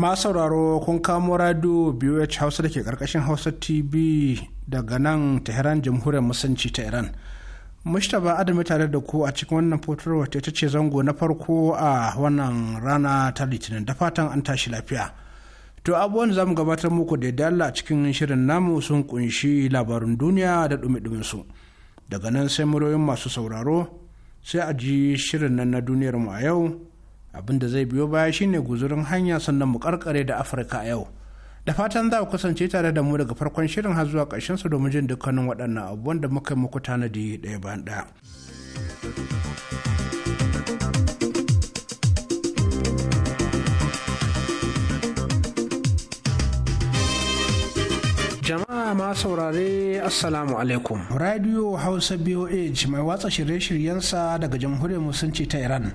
masu sauraro kun kamo radio BOH Hausa da ke karkashin Hausa TV daga nan Tehran Jamhuriyar Musulunci ta Iran. Mustapha Adamu tare da ku a cikin wannan fotarwar ta ita ce zango na farko a wannan rana ta Litinin da fatan an tashi lafiya. To abubuwan za mu gabatar muku da dala a cikin shirin namu sun kunshi labarin duniya da ɗumin su. Daga nan sai muryoyin masu sauraro sai a ji shirin nan na duniyar mu a yau abin da zai biyo baya shine guzurin hanya sannan mu karkare da afirka a yau da fatan za ku kasance tare da mu daga farkon shirin har zuwa ƙarshen su domin jin dukkanin waɗannan abubuwan da muka muku tanadi ɗaya bayan ɗaya jama'a ma saurare assalamu alaikum radio hausa boh mai watsa shirye-shiryensa daga jamhuriyar musulunci ta iran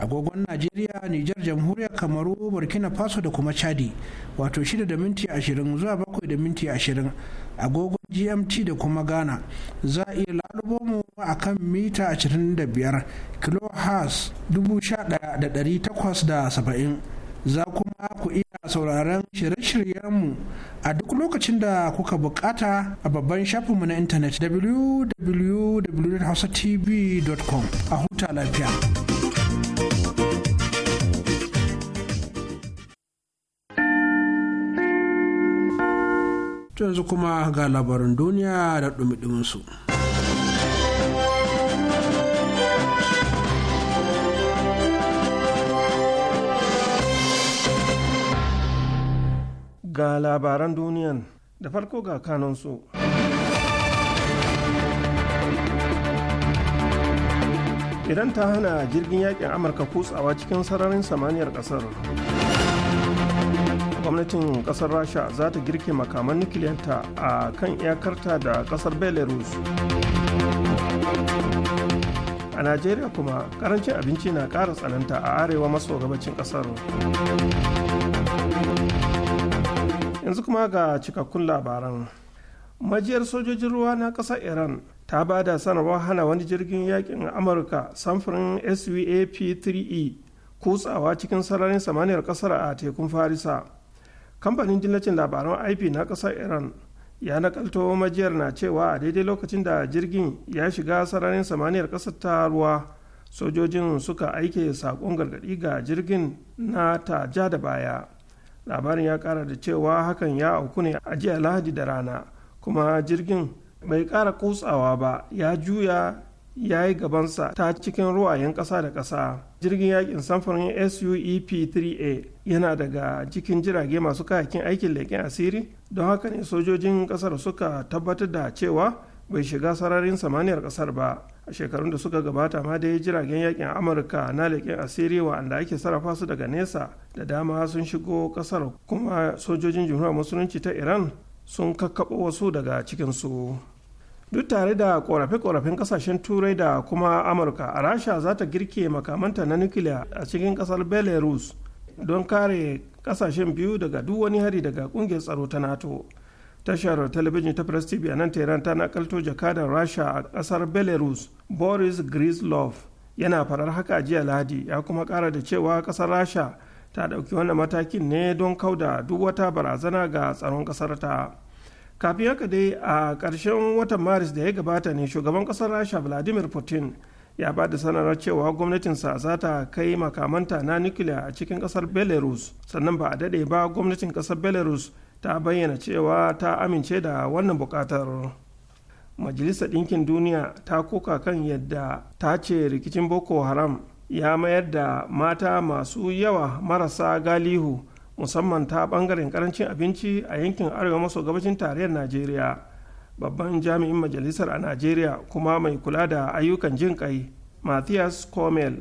agogon najeriya nijar jamhuriyar kamaru burkina faso da kuma chadi wato 6 da minti 20 zuwa bakwai da minti 20 agogon gmt da kuma ghana za a iya lalubo mu a kan mita 25 da saba'in) za kuma ku iya sauraren shirye-shiryenmu a duk lokacin da kuka bukata a babban shafin mu na intanet www.hausatv.com a huta lafiya. To yanzu kuma ga labarin duniya da ɗumi su. Ga labaran duniyan da farko ga kanansu. Idan ta hana jirgin yakin Amurka kutsawa cikin sararin samaniyar ƙasar. gwamnatin kasar rasha za ta girke makaman nukiliyanta a kan iyakarta da kasar belarus a najeriya kuma karancin abinci na ƙara tsananta a arewa maso gabacin ƙasar yanzu kuma ga cikakkun labaran majiyar sojojin ruwa na ƙasar iran ta ba da sanarwar hana wani jirgin yakin amurka samfurin svap 3e e, kutsawa cikin sararin samaniyar ƙasar a tekun farisa kamfanin dillacin labaran ip na ƙasar iran ya nakalto majiyar na cewa a daidai lokacin da jirgin ya shiga sararin samaniyar ƙasar ta ruwa sojojin suka aike saƙon gargaɗi ga jirgin na ta ja da baya labarin ya ƙara da cewa hakan ya auku ne a jiya lahadi da rana kuma jirgin bai ƙara kutsawa ba ya juya ya yi gabansa ta cikin ruwayen ƙasa da ƙasa jirgin yakin samfurin suep-3a yana daga cikin jirage masu kayakin aikin leƙen asiri don haka ne sojojin ƙasar suka tabbatar da cewa bai shiga sararin samaniyar ƙasar ba a shekarun da suka gabata ma dai jiragen yakin amurka na leƙen asiri wa'anda ake sarrafa su daga nesa da dama sun shigo ƙasar kuma sojojin jumhuriyar musulunci ta iran sun kakkaɓo wasu daga cikinsu. duk tare da korafe-korafen kasashen turai da kuma amurka a rasha za ta girke makamanta na nukiliya a cikin kasar belarus don kare kasashen biyu daga duk wani hari daga kungiyar tsaro ta nato tashar talabijin ta press tv a nan tehran ta nakalto jakadar rasha a kasar belarus boris grislov yana farar haka jiya lahadi ya kuma kara da cewa kasar rasha ta ɗauki wannan matakin ne don kauda duk wata barazana ga tsaron kasar ta. kafin haka dai a ƙarshen watan maris da ya gabata ne shugaban ƙasar rasha vladimir putin ya ba da sanarwar cewa gwamnatinsa za ta kai makamanta na nukiliya a cikin ƙasar belarus sannan ba a daɗe ba gwamnatin ƙasar belarus ta bayyana cewa ta amince da wannan buƙatar majalisar ɗinkin duniya ta koka kan yadda ta ce rikicin boko haram ya mayar da mata masu yawa marasa galihu musamman ta bangaren karancin abinci a yankin arewa maso gabashin tarayyar najeriya babban jami'in majalisar a najeriya kuma mai kula da ayyukan jin kai matthias comel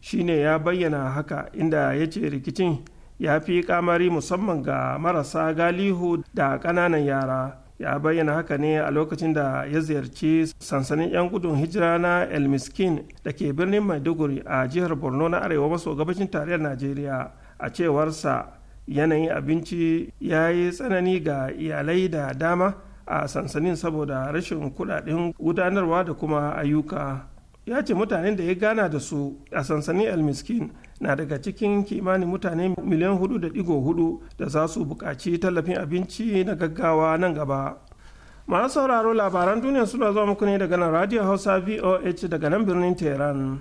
shine ya bayyana haka inda ya ce rikicin ya fi kamari musamman ga marasa galihu da ƙananan yara ya bayyana haka ne a lokacin da ya ziyarci sansanin 'yan gudun hijira na el miskin da ke birnin maiduguri a jihar borno na arewa maso gabashin tarayyar najeriya a cewarsa yanayin abinci ya yi tsanani ga iyalai da dama a sansanin saboda rashin kudaden gudanarwa da kuma ayyuka ya ce mutanen da ya gana da su a sansanin almiskin na daga cikin kimanin mutane miliyan hudu da digo hudu da za su buƙaci tallafin abinci na gaggawa nan gaba masu sauraro labaran duniya suna zuwa muku ne daga nan radio hausa voh daga nan birnin tehran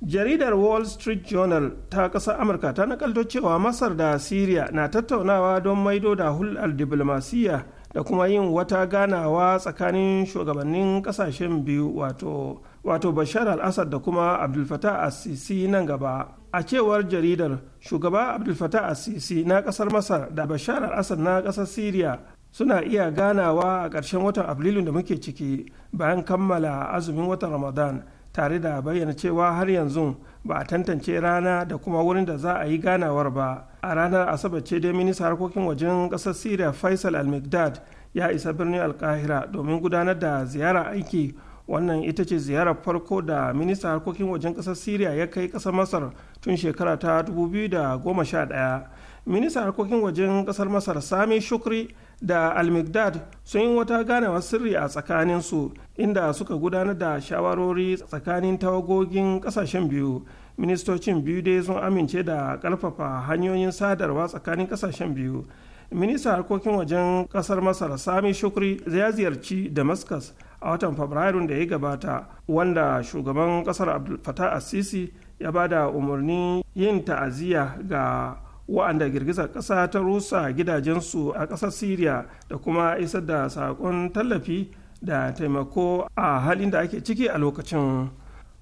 jaridar wall street journal ta ƙasar amurka ta nakalto cewa masar da syria na tattaunawa don maido da hulɗar diplomasiyya da kuma yin wata ganawa tsakanin shugabannin ƙasashen biyu wato wato bashar al-assad da kuma abdulfatah assisi nan gaba a cewar jaridar shugaba abdulfatah assisi na kasar masar da bashar al-assad na kasar syria suna iya ganawa a ƙarshen watan abrilu da muke ciki bayan kammala azumin watan ramadan tare da bayyana cewa har yanzu ba a tantance rana da kuma wurin da za a yi ganawar ba a ranar asabar ce dai minista harkokin wajen ƙasar syria faisal al ya isa birnin alkahira domin gudanar da ziyara aiki wannan ita ce ziyarar farko da minista harkokin wajen ƙasar syria ya kai ƙasar masar tun shekara ta 2011 minista harkokin wajen ƙasar masar sami shukri da almigdad sun yi wata ganawa sirri a tsakaninsu inda suka gudanar da shawarori tsakanin tawagogin kasashen biyu ministocin biyu dai sun amince da karfafa hanyoyin sadarwa tsakanin kasashen biyu ministan harkokin wajen kasar masar sami shukri ya ziyarci damascus a watan fabrairun da ya gabata wanda shugaban kasar abdul fatah assisi ya ba da umarnin yin ta'aziyya ga wa'anda girgizar ƙasa ta rusa gidajensu a ƙasar syria da kuma isar da saƙon tallafi da taimako a halin da ake ciki a lokacin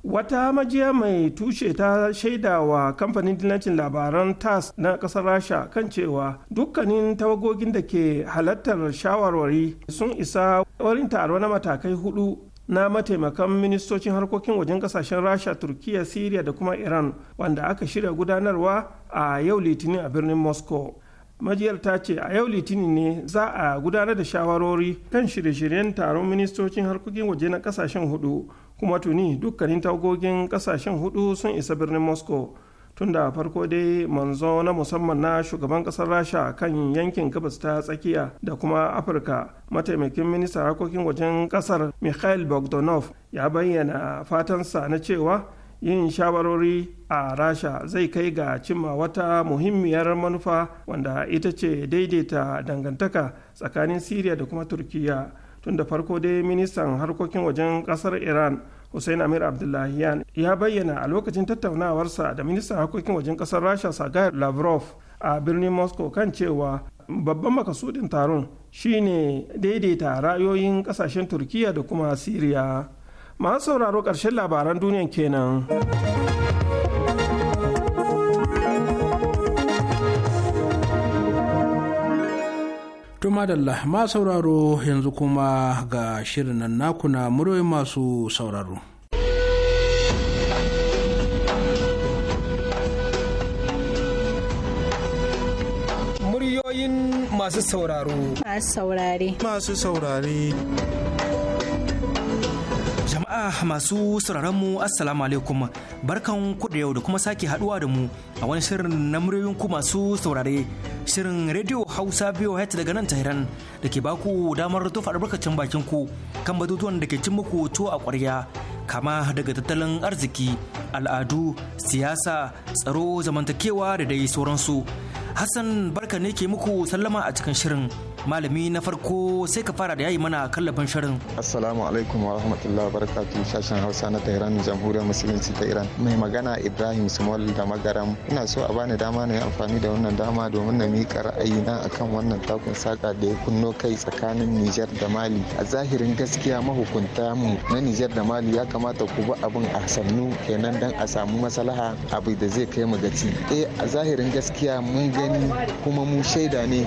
wata majiya mai tushe ta shaida wa kamfanin dinancin labaran tas na ƙasar rasha kan cewa dukkanin tawagogin da ke halartar shawarwari sun isa wurin taro na matakai hudu na mataimakan ministocin harkokin wajen kasashen rasha turkiya syria da kuma iran wanda aka shirya gudanarwa a yau litinin a birnin moscow majiyar ta ce a yau litinin ne za a gudanar da shawarori kan shirye-shiryen taron ministocin harkokin waje na kasashen hudu kuma tuni dukkanin tagogin kasashen hudu sun isa birnin moscow tun da farko dai manzo na musamman na shugaban kasar rasha kan yankin gabas ta tsakiya da kuma afirka mataimakin ministan harkokin wajen kasar mikhail bogdanov ya bayyana fatansa na cewa yin shawarori a rasha zai kai ga cimma wata muhimmiyar manufa wanda ita ce daidaita dangantaka tsakanin siriya da kuma turkiya tun da farko dai ministan harkokin wajen kasar iran hussein amir abdullahi yan ya bayyana a lokacin tattaunawarsa da ministan harkokin wajen kasar rasha sagar lavrov a birnin moscow kan cewa babban makasudin taron shine daidaita ra'ayoyin kasashen turkiya da kuma siriya masu sauraro ƙarshen labaran duniya kenan. Tuma da ma sauraro yanzu kuma ga shirin nan naku na muryoyin masu sauraro. Muryoyin masu sauraro. Masu saurare. Masu saurare. Jama'a masu sauraron mu Assalamu alaikum barkan ku da yau da kuma sake haduwa da mu a wani shirin na muryoyin ku masu saurare shirin Radio Hausa biyo hat daga nan hiran da ke baku damar tofa albarkacin bakin ku kan batutuwan da ke cin muku tuwo a ƙwarya kama daga tattalin arziki al'adu siyasa tsaro zamantakewa da dai sauransu. Hassan barka ne ke muku sallama a cikin shirin malami na farko sai ka fara da yayi mana kallafin shirin assalamu alaikum wa rahmatullahi barakatuh sashen hausa na tehran jamhuriyar musulunci ta iran mai magana ibrahim small da magaram ina so a bani dama na yi amfani da wannan dama domin na miƙa ra'ayina akan wannan takun saka da ya kunno kai tsakanin nijar da mali a zahirin gaskiya mahukunta mu na nijar da mali ya kamata ku bi abin a sannu kenan dan a samu maslaha abu da zai kai mu gaci eh a zahirin gaskiya mun gani kuma mu shaida ne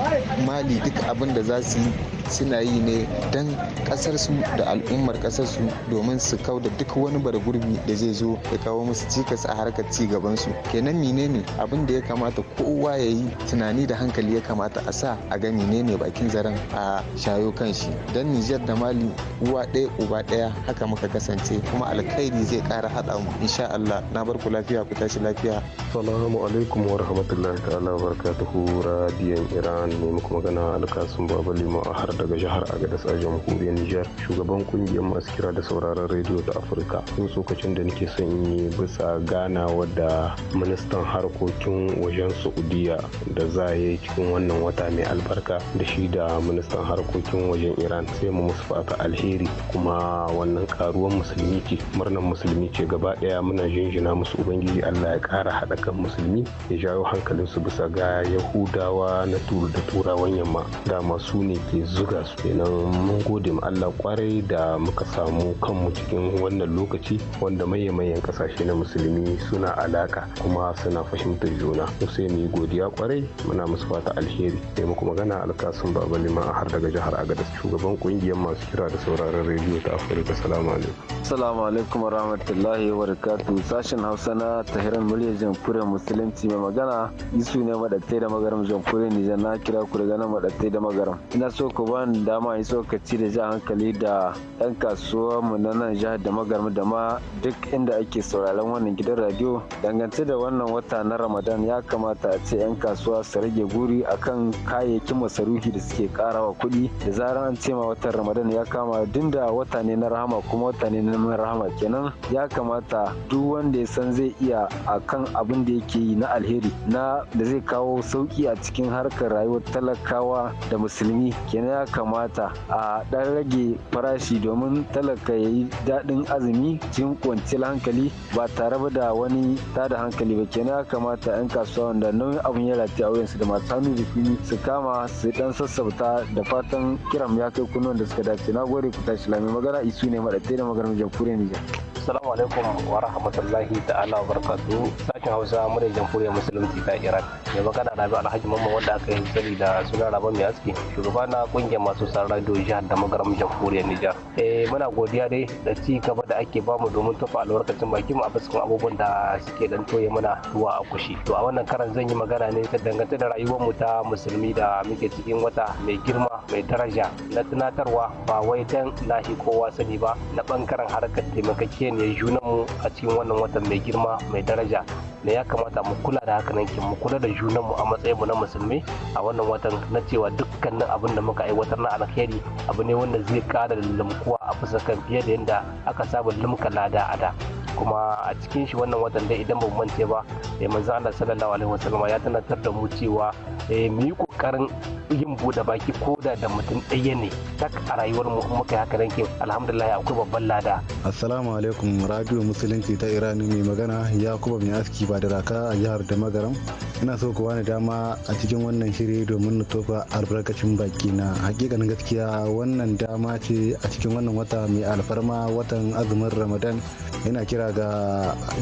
mali duk abin abin da za su yi suna yi ne don kasarsu da al'ummar kasarsu domin su kau da duk wani bargurbi da zai zo ya kawo musu cikas a harkar ci su kenan menene abin da ya kamata kowa ya yi tunani da hankali ya kamata a sa a ga menene bakin zaren a shayo kan shi don nijar da mali uwa ɗaya uba ɗaya haka muka kasance kuma alkhairi zai ƙara haɗa mu insha Allah na bar ku lafiya ku tashi lafiya salamu alaikum wa rahmatullahi ta'ala wa barakatuhu radiyan iran ne muku magana alkasu alkasun baba liman har daga jihar agadas a jamhuriyar nijar shugaban kungiyar masu kira da sauraron rediyo ta afirka sun tsokacin da nake son yi bisa gana wadda ministan harkokin wajen saudiya da za a yi cikin wannan wata mai albarka da shi da ministan harkokin wajen iran sai mu musu fata alheri kuma wannan karuwan musulmi ce murnan musulmi ce gaba daya muna jinjina musu ubangiji allah ya kara haɗa kan musulmi ya jawo hankalinsu bisa ga yahudawa na turu da turawan yamma dama kuma su ne ke zuga su kenan mun gode ma Allah kwarai da muka samu kanmu cikin wannan lokaci wanda maye mayan kasashe na musulmi suna alaka kuma suna fahimtar juna sai mu godiya kwarai muna musu fata alheri sai muku magana alkasun baba liman har daga jihar Agadez shugaban kungiyar masu kira da sauraron rediyo ta afirka salamu alaikum salamu alaikum warahmatullahi wabarakatuh sashen hausa na tahiran muryar jamhuriyar musulunci mai magana isu ne madatai da magaram jamhuriyar nijar na kira ku daga nan madatai da magaram ina so ku bani dama in tsokaci da ja hankali da yan kasuwa mu na nan jihar da magaram da ma duk inda ake sauraron wannan gidan radio dangance da wannan wata na ramadan ya kamata a ce yan kasuwa su rage guri akan kayayyakin masarufi da suke karawa kuɗi da zaran an ce ma watan ramadan ya kama dinda wata ne na rahama kuma wata ne na rahama kenan ya kamata duk wanda ya san zai iya akan abin da yake yi na alheri na da zai kawo sauki a cikin harkar rayuwar talakawa da musulmi kenan ya kamata a ɗan rage farashi domin talaka ya yi daɗin azumi cikin kwanciyar hankali ba tare da wani tada hankali ba kenan ya kamata 'yan kasuwa wanda nauyin abin ya ta a wuyansu da masu hannu da su kama su dan sassauta da fatan kiram ya kai kunan da suka dace na gode ku tashi lami magana isu ne maɗaɗe da maganar jamhuriyar nijar. Assalamu alaikum wa rahmatullahi ta'ala wa barakatuhu. sashen hausa muryar jamhuriyar musulunci ta iran mai magana rabi alhaji mamman wanda aka yi sani da suna raba mai aski shugaba na kungiyar masu sa radio jihar da magaram jamhuriyar nijar eh muna godiya dai da ci gaba da ake bamu domin tafa albarkacin baki mu a fuskan abubuwan da suke dan toye muna zuwa a kushi to a wannan karan zan yi magana ne ta dangance da rayuwar mu ta musulmi da muke cikin wata mai girma mai daraja na tunatarwa ba wai dan lahi kowa sani ba na bangaren harkar taimakake ne junan mu a cikin wannan watan mai girma mai daraja da ya kamata mu kula da haka nankin mu kula da junan mu a matsayin mu na musulmi a wannan watan na cewa dukkanin abin da muka aiwatar na alkhairi abu ne wanda zai kara lumkuwa a fusa kan fiye da yadda aka saba limka lada a da kuma a cikin shi wannan watan dai idan mu mance ba eh manzo Allah sallallahu alaihi wasallam ya tunatar da mu cewa eh mu yi kokarin yin bude baki ko da mutum ɗaya ne tak a rayuwar mu muka haka ranke alhamdulillah akwai babban lada assalamu alaikum radio musulunci ta irani mai magana yakuba mai aski ba da raka a jihar da magaram ina so ku na dama a cikin wannan shiri domin na tofa albarkacin baki na hakikanin gaskiya wannan dama ce a cikin wannan wata mai alfarma watan azumin ramadan ina kira ga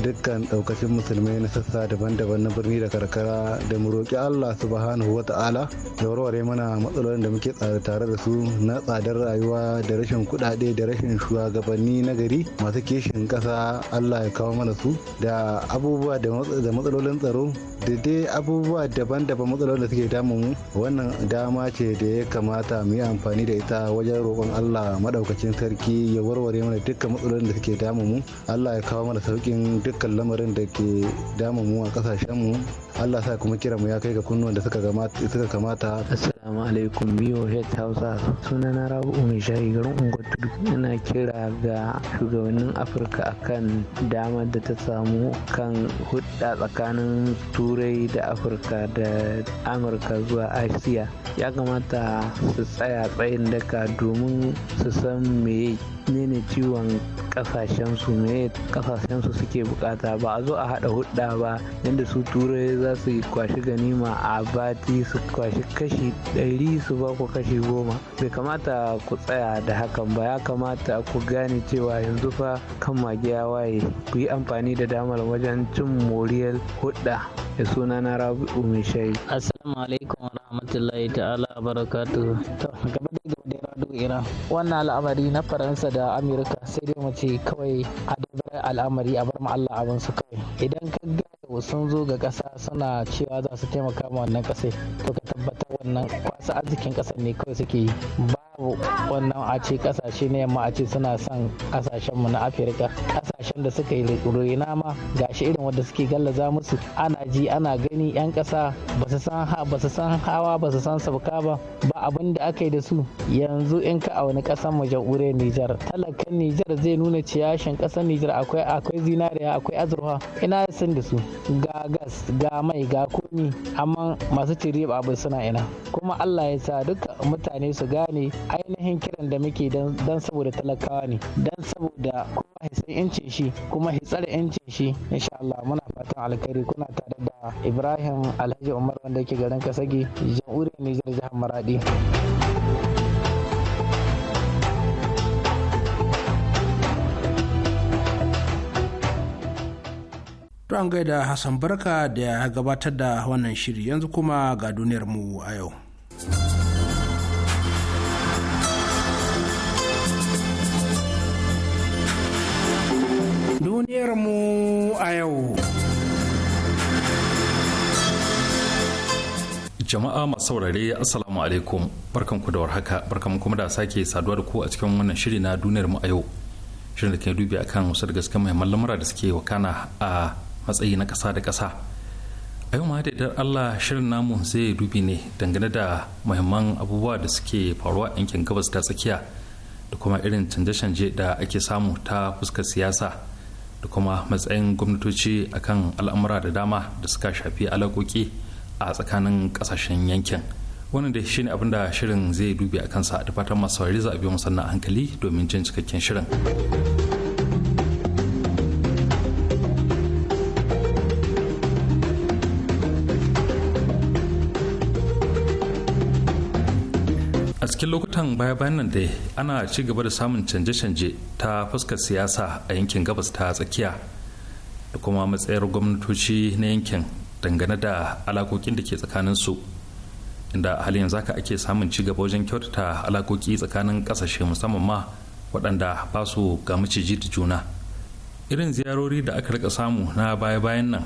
dukkan daukacin musulmai na sassa daban-daban na birni da karkara da mu roƙi allah subhanahu wa ta'ala da warware mana matsalolin da muke tare da su na tsadar rayuwa da rashin kuɗaɗe da rashin shugabanni na gari masu kishin ƙasa allah ya kawo mana su da abubuwa da da matsalolin tsaro da dai abubuwa daban-daban matsalolin da suke damun mu wannan dama ce da ya kamata mu yi amfani da ita wajen roƙon Allah madaukakin sarki ya warware mana dukkan matsalolin da suke damun mu Allah ya kawo mana sauƙin dukkan lamarin da ke damun mu a ƙasashen mu Allah sa kuma kiran mu ya kai ga kunnuwan da suka kamata Assalamu alaikum head Hausa suna na Rabu mai shayi garin Ungwatu ina kira ga shugabannin Afirka akan damar da ta samu kan hudda tsakanin Turai da Afirka da Amurka zuwa Asiya ya kamata su tsaya tsayin daka domin su san meye menene ciwon ne kasashen su suke bukata ba a zo a haɗa hudda ba yadda su turai za su kwashi ganima a bati su kwashi kashi ɗari su ba ku kashi goma bai kamata ku tsaya da hakan ba ya kamata ku gane cewa yanzu fa kan mage ya waye ku yi amfani da damar wajen cin moriyar hudda da suna na rabi'u mai shayi assalamu alaikum wa rahmatullahi ta'ala da iran wannan al'amari na faransa da amurka sai dai mu ce kawai a dabar al'amari a bar allah abin su kawai idan ka ga sun zo ga kasa suna cewa za su taimaka ma wannan kasai to ka tabbatar wannan kwasa arzikin kasar ne kawai suke yi ba wannan a ce kasashe na yamma a ce suna son kasashen mu na afirka kasashen da suka yi rena ma shi irin wanda suke gallaza musu ana ji ana gani yan kasa su san ha su san hawa ba su san sabka ba ba abin da aka yi da su yanzu in ka auni kasan mu jamhuriyar Nijar talakan Nijar zai nuna ciyashin kasar Nijar akwai akwai zinariya akwai azurfa ina san da su ga gas ga mai ga komi amma masu ciri ba suna ina kuma Allah ya sa duka mutane su gane ainihin kiran da muke don saboda talakawa ne don saboda kuma ya yancin shi kuma ya yanci yancin shi insha Allah muna fatan alkhairi kuna tare da Ibrahim Alhaji Umar wanda yake garin Kasagi jamhuriyar Nijar jihar Maradi To an gaida Hassan Barka da ya gabatar da wannan shiri yanzu kuma ga duniyar mu a yau. mu a yau. Jama'a masu saurare Assalamu alaikum barkanku da warhaka barkan kuma da sake saduwa da ku a cikin wannan shiri na mu a yau. Shirin da ke dubi a kan wasu daga gaske muhimman lamura da suke wakana a matsayi na ƙasa da ƙasa. A yau ma da idan Allah shirin namu zai dubi ne dangane da mahimman abubuwa da suke faruwa yankin gabas ta tsakiya da kuma irin canje-canje da ake samu ta fuskar siyasa. da kuma matsayin gwamnatoci a kan al'amura da dama da suka shafi alaƙoƙi a tsakanin ƙasashen yankin wannan da shine abin da shirin zai dubi a kansa da fatan masu za a biyo musanna hankali domin jin cikakken shirin cikin lokutan baya-bayan nan dai ana ci gaba da samun canje-canje ta fuskar siyasa a yankin gabas ta tsakiya da kuma matsayar gwamnatoci na yankin dangane da alakokin da ke tsakanin su inda a halin zaka ake samun ci gaba wajen kyautata alakoki tsakanin kasashe musamman ma waɗanda ba su ga maciji da juna irin ziyarori da aka rika samu na baya-bayan nan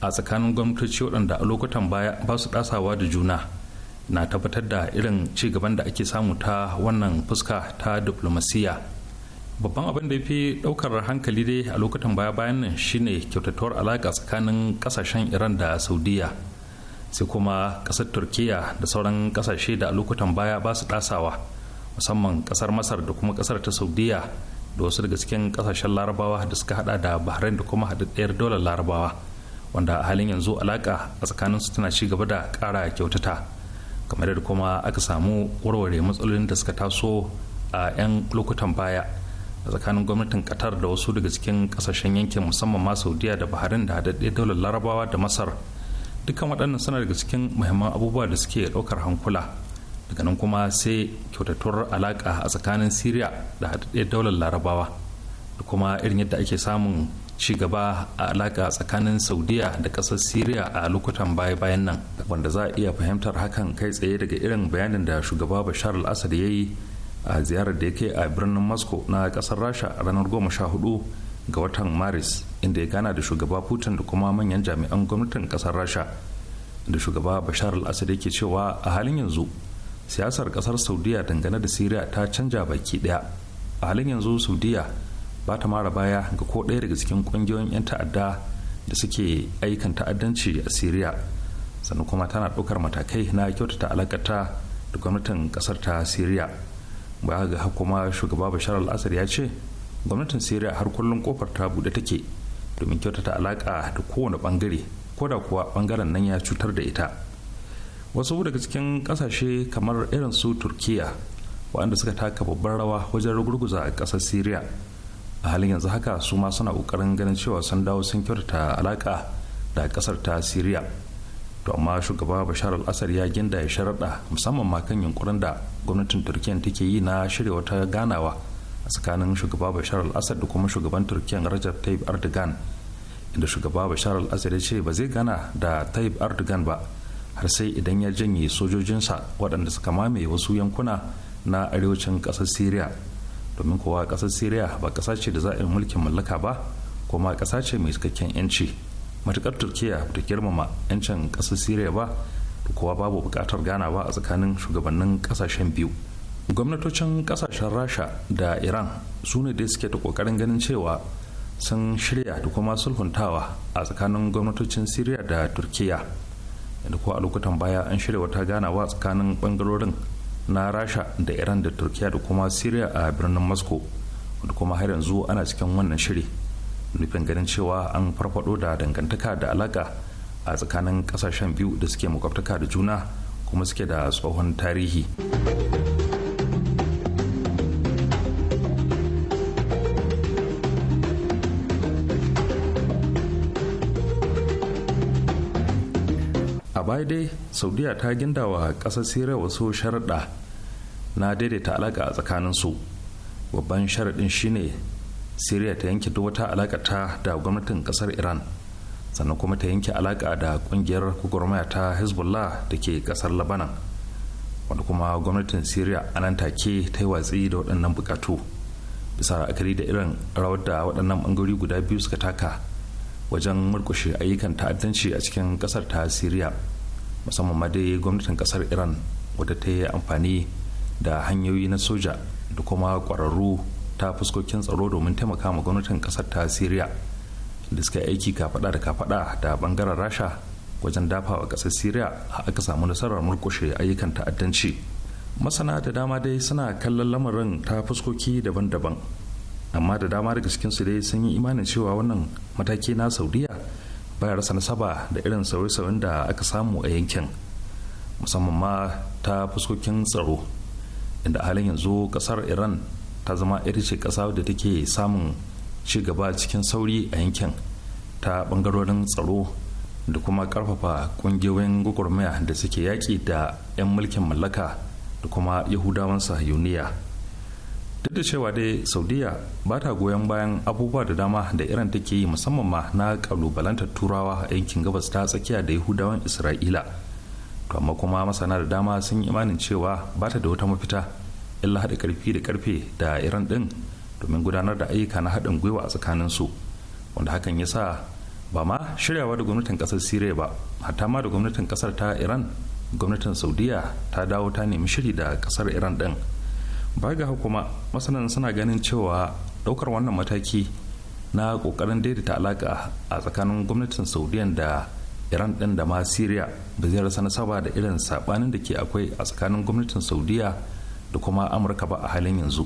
a tsakanin gwamnatoci waɗanda a lokutan baya ba su ɗasawa da juna na tabbatar da irin ci gaban da ake samu ta wannan fuska ta diplomasiya babban abin da ya fi daukar hankali dai a lokutan baya bayan nan shine kyautatuwar alaƙa tsakanin ƙasashen iran da saudiya sai kuma ƙasar turkiya da sauran ƙasashe da a lokutan baya ba su ɗasawa musamman ƙasar masar da kuma ƙasar ta saudiya da wasu daga cikin kasashen larabawa da suka hada da bahrain da kuma haɗaɗɗiyar dolar larabawa wanda a halin yanzu alaƙa a su tana ci gaba da ƙara kyautata kamar da kuma aka samu warware matsalolin da suka taso a 'yan lokutan baya a tsakanin gwamnatin qatar da wasu daga cikin kasashen yankin musamman ma saudiya da baharin da haɗaɗɗe daular larabawa da masar dukkan waɗannan suna daga cikin muhimman abubuwa da suke ɗaukar hankula daga nan kuma sai kyautattuwar alaƙa a tsakanin syria da haɗaɗɗe daular larabawa da kuma irin yadda ake samun ci gaba a alaƙa tsakanin saudiya da ƙasar syria a lokutan baya-bayan nan wanda za a iya fahimtar hakan kai tsaye daga irin bayanin da shugaba bashar al-assad ya yi a ziyarar da ya kai a birnin moscow na kasar rasha ranar goma sha hudu ga watan maris inda ya gana da shugaba putin da kuma manyan jami'an gwamnatin kasar rasha da shugaba bashar al-assad ya ke cewa a halin yanzu siyasar kasar saudiya dangane da syria ta canja baki ɗaya a halin yanzu saudiya ba ta mara baya ga ko ɗaya daga cikin ƙungiyoyin 'yan ta'adda da suke aikan ta'addanci a syria sannan kuma tana ɗaukar matakai na kyautata alakata da gwamnatin ƙasar ta syria ba ga kuma shugaba bashar al ya ce gwamnatin syria har kullum kofar ta buɗe take domin kyautata alaƙa da kowane ɓangare ko da kuwa ɓangaren nan ya cutar da ita wasu daga cikin ƙasashe kamar irin su turkiya waɗanda suka taka babbar rawa wajen rugurguza ƙasar syria a halin yanzu haka su ma suna kokarin ganin cewa sun dawo sun kyautata alaka da kasar ta syria to amma shugaba bashar al-assad ya ginda ya sharaɗa musamman ma kan yunkurin da gwamnatin turkiyan take yi na shirya wata ganawa a tsakanin shugaba bashar al-assad da kuma shugaban turkiyan rajab tayyip erdogan inda shugaba bashar al-assad ya ce ba zai gana da tayyip erdogan ba har sai idan ya janye sojojinsa waɗanda suka mame wasu yankuna na arewacin ƙasar syria domin kowa ƙasar syria ba ƙasa ce da za a yi mulkin mallaka ba kuma ƙasa ce mai cikakken yanci matuƙar turkiya da girmama yancin ƙasar syria ba da kowa babu buƙatar gana ba a tsakanin shugabannin ƙasashen biyu gwamnatocin ƙasashen rasha da iran su ne dai suke ta kokarin ganin cewa sun shirya da kuma sulhuntawa a tsakanin gwamnatocin syria da turkiya inda kuwa a lokutan baya an shirya wata ganawa tsakanin bangarorin na rasha da iran da turkiya da kuma syria a birnin moscow wanda kuma har yanzu ana cikin wannan shiri nufin ganin cewa an farfado da dangantaka da alaka a tsakanin kasashen biyu da suke makwabtaka da juna kuma suke da tsohon tarihi. baya dai saudiya ta ginda wa ƙasar siriya wasu sharaɗa na daidaita alaƙa a tsakanin su babban sharaɗin shine siriya ta yanke duk wata alaƙa ta da gwamnatin ƙasar iran sannan kuma ta yanke alaƙa da ƙungiyar gwagwarmaya ta hezbollah da ke ƙasar labanan wanda kuma gwamnatin siriya a nan take ta yi watsi da waɗannan buƙatu bisa ra'akari da irin rawar da waɗannan ɓangarori guda biyu suka taka wajen murkushe ayyukan ta'addanci a cikin ƙasar ta siriya musamman ma dai gwamnatin kasar iran wadda ta yi amfani da hanyoyi na soja da kuma kwararru ta fuskokin tsaro domin taimaka ma gwamnatin kasar ta syria da suka aiki kafaɗa da kafada da bangaren rasha wajen dafawa wa kasar syria aka samu nasarar murkushe ayyukan ta'addanci masana da dama dai suna kallon lamarin ta fuskoki daban-daban amma da dama daga cikinsu dai sun yi imanin cewa wannan mataki na saudiya bayar rasa nasaba da irin sauye-sauyen da aka samu a yankin musamman ma ta fuskokin tsaro inda halin yanzu kasar iran ta zama ita ce kasa da take samun ci gaba cikin sauri a yankin ta bangarorin tsaro da kuma karfafa kungiyoyin gwagwarmaya da suke yaƙi da 'yan mulkin mallaka da kuma yahudawan sahiyuniya duk da cewa dai saudiya ba ta goyon bayan abubuwa da dama da iran take yi musamman ma na kalubalantar turawa a yankin gabas ta tsakiya da yahudawan isra'ila to amma kuma masana da dama sun yi imanin cewa ba ta da wata mafita illa haɗa karfi da karfe da iran ɗin domin gudanar da ayyuka na haɗin gwiwa a tsakanin su wanda hakan ya sa ba ma shiryawa da gwamnatin ƙasar siriya ba hatta ma da gwamnatin ƙasar ta iran gwamnatin saudiya ta dawo ta nemi shiri da ƙasar iran ɗin ba ga kuma masanan suna ganin cewa daukar wannan mataki na kokarin daidaita alaka a tsakanin gwamnatin saudiyan da iran din da ma syria ba zai rasa nasaba da irin sabanin da ke akwai a tsakanin gwamnatin saudiya da kuma amurka ba a halin yanzu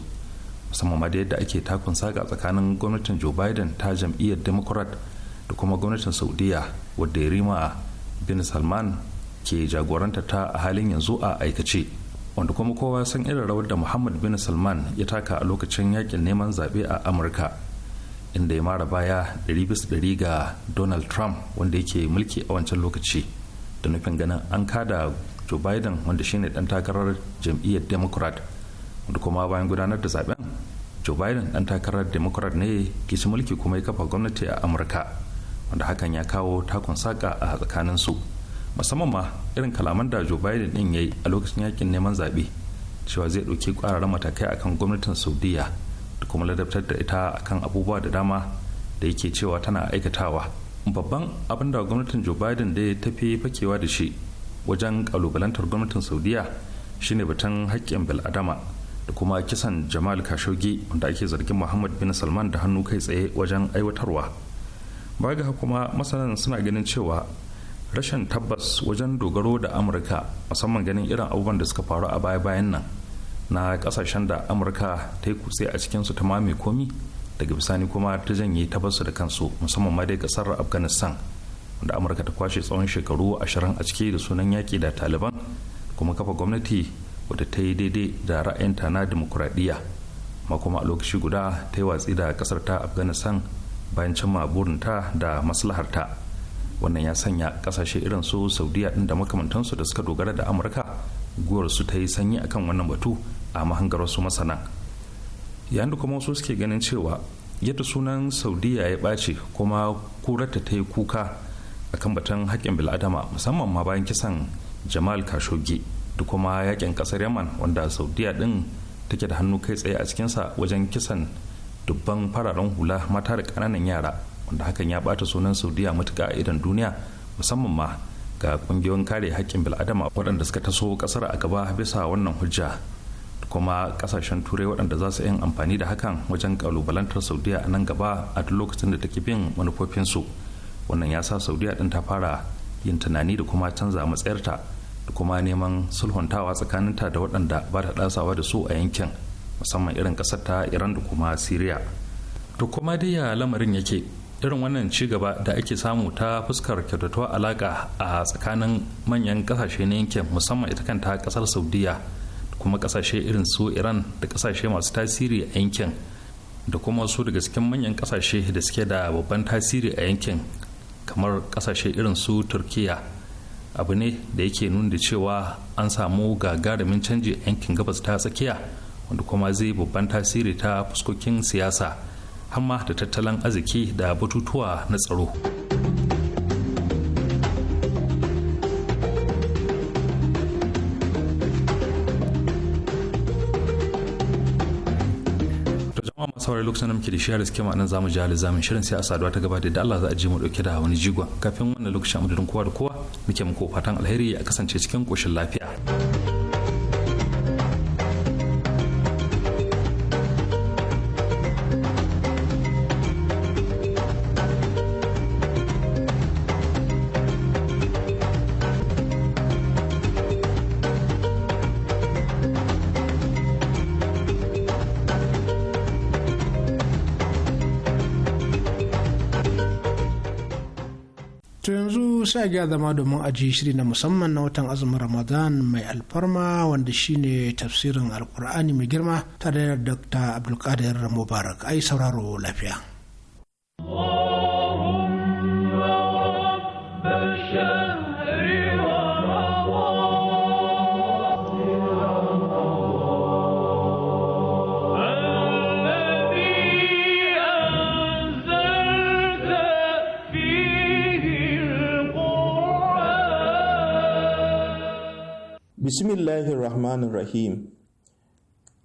musamman ma da yadda ake takun saka tsakanin gwamnatin joe biden ta jam'iyyar democrat da kuma gwamnatin saudiya wadda rima bin salman ke jagoranta ta a halin yanzu a aikace wanda kuma kowa ya san irin rawar da muhammad bin salman ya taka a lokacin yakin neman zaɓe a amurka inda ya mara baya 100 ga donald trump wanda yake mulki a wancan lokaci da nufin ganin an kada joe biden wanda shine dan takarar jam'iyyar democrat wanda kuma bayan gudanar da zaben joe biden dan takarar democrat ne ke mulki kuma ya kafa gwamnati a amurka wanda hakan ya kawo takon saka a tsakaninsu su musamman ma irin kalaman da joe biden din ya yi a lokacin yakin neman zaɓe cewa zai ɗauki ƙwararren matakai akan gwamnatin saudiya da kuma ladabtar da ita akan abubuwa da dama da yake cewa tana aikatawa babban abin da gwamnatin joe biden da ya tafi fakewa da shi wajen kalubalantar gwamnatin saudiya shine batun haƙƙin bil'adama da kuma kisan jamal khashoggi wanda ake zargin muhammad bin salman da hannu kai tsaye wajen aiwatarwa ba ga kuma masanan suna ganin cewa rashin tabbas wajen dogaro da amurka musamman ganin irin abubuwan da suka faru a baya-bayan nan na kasashen da amurka ta yi kutse a cikinsu ta mame komi daga bisani kuma ta janye tabbas da kansu musamman ma dai kasar afghanistan da amurka ta kwashe tsawon shekaru ashirin a cike da sunan yaƙi da taliban kuma kafa gwamnati wadda ta yi daidai da ra'ayinta na dimokuraɗiyya ma kuma a lokaci guda ta yi watsi da kasar ta afghanistan bayan cimma burinta da maslaharta wannan ya sanya kasashe irin su saudiya din da makamantansu da suka dogara da amurka guwar su ta yi sanyi akan wannan batu a mahangar wasu masana yayin da kuma wasu suke ganin cewa yadda sunan saudiya ya ɓace kuma kurarta ta yi kuka akan batun haƙƙin bil'adama musamman ma bayan kisan jamal kashoge da kuma yakin ƙasar yaman wanda saudiya ɗin take da hannu kai tsaye a cikinsa wajen kisan dubban fararen hula mata da ƙananan yara wanda hakan ya bata sunan saudiya matuka a idan duniya musamman ma ga kungiyoyin kare haƙƙin bil'adama waɗanda suka taso ƙasar a gaba bisa wannan hujja kuma ƙasashen turai waɗanda za su yin amfani da hakan wajen kalubalantar saudiya a nan gaba a duk lokacin da take bin manufofinsu wannan ya sa saudiya ɗin ta fara yin tunani da kuma canza matsayarta da kuma neman sulhuntawa tsakaninta da waɗanda ba ta ɗasawa da su a yankin musamman irin ƙasar ta iran da kuma siriya to kuma dai ya lamarin yake irin wannan ci gaba da ake samu ta fuskar kyautatuwa alaka a tsakanin manyan kasashe na yankin musamman ita kanta kasar saudiya kuma kasashe irin su iran da kasashe masu tasiri a yankin da kuma su daga cikin manyan kasashe da suke da babban tasiri a yankin kamar kasashe irin su turkiya abu ne da yake nuna cewa an samu gagarumin canji a yankin gabas ta tsakiya wanda kuma zai babban tasiri ta fuskokin siyasa hamma da tattalin arziki da batutuwa na tsaro sauran lokacin da muke da shi riske ma'anar zamu ji hali zamu shirin sai a saduwa ta gaba da Allah za a ji mu dauke da wani jigon kafin wannan lokacin amadadin kowa da kowa muke muku fatan alheri a kasance cikin koshin lafiya. ya zama domin aji shiri na musamman na watan azumin ramadan mai alfarma wanda shine tafsirin alkur'ani mai girma tare da dr abdulkadir mubarak ai sauraro lafiya Bismillahirrahmanirrahim.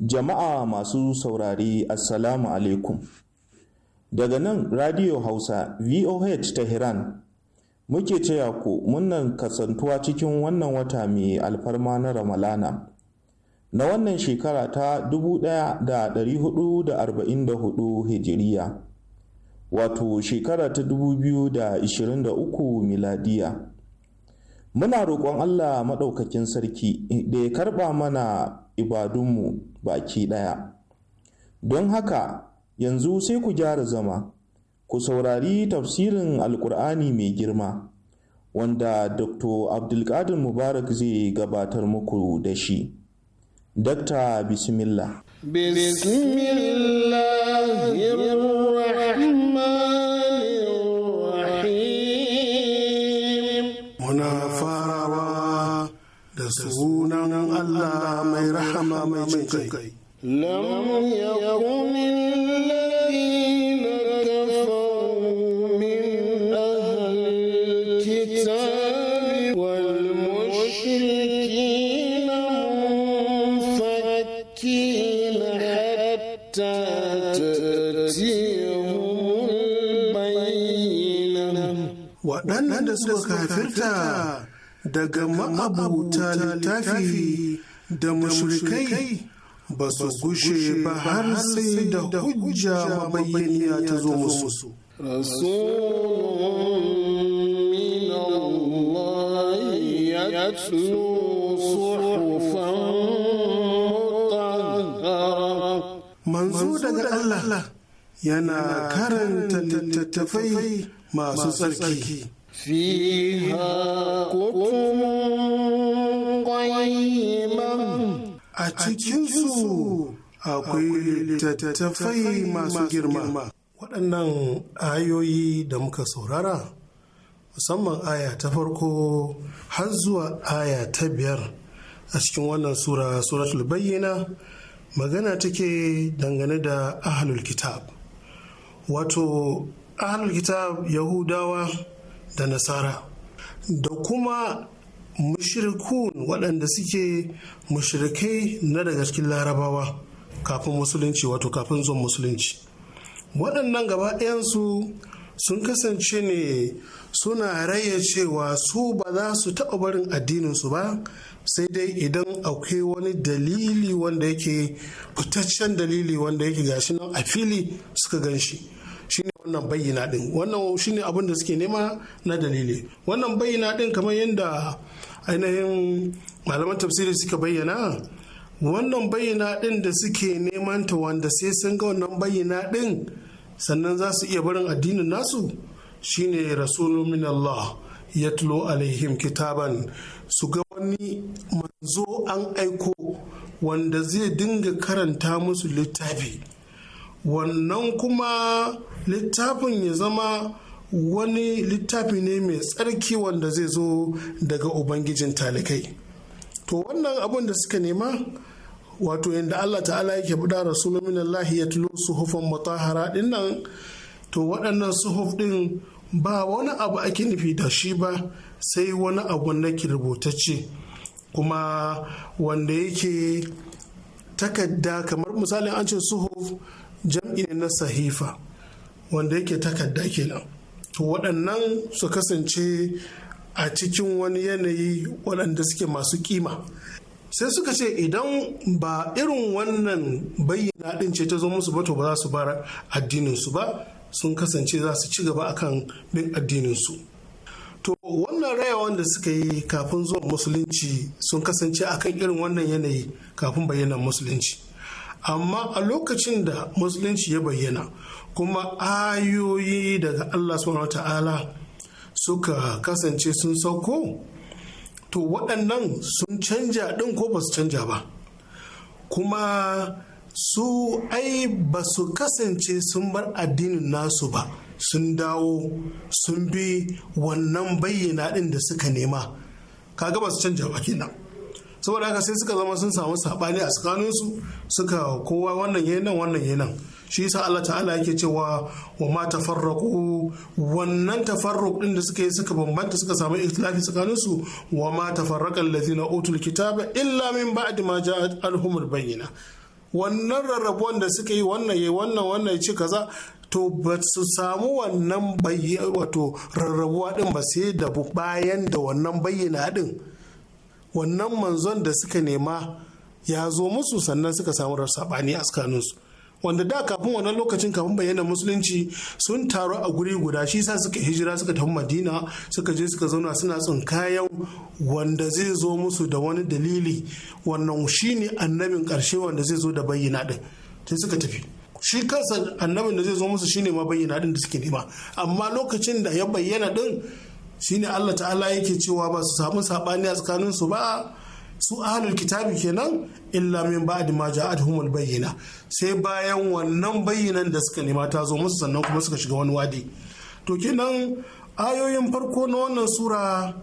Jama'a masu saurari Assalamu alaikum. Daga nan Radio Hausa VOH Tehran muke cewa ku munnan kasantuwa cikin wannan wata mai alfarma na Ramalana. Na wannan shekara ta 1444 Hijiriya, wato shekara ta 2023 miladiya. muna roƙon Allah maɗaukakin sarki eh, da ya karɓa mana ibadunmu baki ɗaya. Don haka yanzu sai ku gyara zama, ku saurari tafsirin alkur'ani mai girma, wanda Dr. Abdulkadir Mubarak zai gabatar muku da shi. Dakta Bismillah. Bismillah. sunan Allah mai rahama mai jin kai. لم يكن الذين كفروا من أهل الكتاب والمشركين منفكين حتى تأتيهم البينة waɗannan da suka kafirta daga ma'abuta littafi da mashirikai ba su gushe ba har sai da hujja mabayyaniya ta zo musu. Manzo daga Allah yana karanta littattafai masu tsarki. fiha kutubun qayyimah a akwai littattafai masu girma waɗannan ayoyi da muka saurara musamman aya ta farko har zuwa aya ta biyar a cikin wannan sura suratul bayyana magana take dangane da ahlul kitab wato ahlul kitab yahudawa da nasara da kuma mushrikun waɗanda suke mushrikai na daga cikin larabawa kafin musulunci wato kafin zuwan musulunci waɗannan gaba ɗayansu sun kasance ne suna raya cewa su ba za su taɓa barin addininsu ba sai dai idan akwai wani dalili wanda yake fitaccen dalili wanda yake gashi nan a fili suka ganshi. shine wannan bayyana din wannan shine abin da suke nema na dalili wannan bayyana din kamar yadda ainihin malaman tafsiri suka bayyana wannan bayyana din da suke neman ta wanda sai sun ga wannan bayyana din sannan za su iya barin addinin nasu shine rasulun min Allah yatlo alaihim kitaban su ga wani manzo an aiko wanda zai dinga karanta musu littafi wannan kuma littafin ya zama wani littafi ne mai tsarki wanda zai zo daga ubangijin talikai to wannan abin da suka nema wato yadda allah ta'ala yake buɗa rasulun minallahi ya tulo suhufan matahara ɗin nan to waɗannan suhuf ɗin ba wani abu ake nufi da shi ba sai wani abu na rubutacce kuma wanda yake takadda kamar misalin an ce suhuf jam'i ne na sahifa wanda yake takarda kenan to waɗannan su kasance a cikin wani yanayi waɗanda suke masu kima sai suka ce idan ba irin wannan bayyana ɗin ce ta zo musu ba to ba za su bar addininsu ba sun kasance za su ci gaba akan bin addininsu to wannan raya wanda suka yi kafin zuwan musulunci sun kasance akan irin wannan yanayi kafin bayyanan musulunci amma a lokacin da musulunci ya bayyana kuma ayoyi daga allah subhanahu ta'ala suka kasance sun sauko to waɗannan sun canja ɗin ko ba su canja ba kuma su ai ba su kasance sun bar addinin nasu ba sun dawo sun bi wannan bayyana ɗin da suka nema kaga ba su canja ba kenan saboda haka sai suka zama sun samu sabani a tsakanin su suka kowa wannan yayin nan wannan yayin nan shi yasa Allah ta'ala yake cewa wa ma tafarraqu wannan tafarruq din da suka yi suka bambanta suka samu ikhtilafi tsakanin su wa ma tafarraqa allazina utul kitaba illa min ba'di ma ja'at alhumul bayyina wannan rarrabuwan da suka yi wannan yayi wannan wannan ya ci kaza to ba su samu wannan bayyana wato rarrabuwa din ba sai da bayan da wannan bayyana din wannan manzon da suka nema ya zo musu sannan suka samu saɓani a tsakaninsu wanda da kafin wannan lokacin kafin bayyana musulunci sun taru a guri guda shi sa suka hijira suka tafi madina suka je suka zauna suna tsinkayen wanda zai zo musu da wani dalili wannan shi ne annabin karshe wanda zai zo da bayyana din sai suka tafi shi kansa annabin da zai zo musu shi ne ma bayyana din da suke nema amma lokacin da ya bayyana ɗin. Shi ne Allah ta'ala yake cewa ba su samu sabani a tsakaninsu ba su ahlul kitabi kenan illa min ba'd ma ja'atuhumul bayyina sai bayan wannan bayyanan da suka nema ta zo musu sannan kuma suka shiga wani wadi to kenan ayoyin farko na wannan sura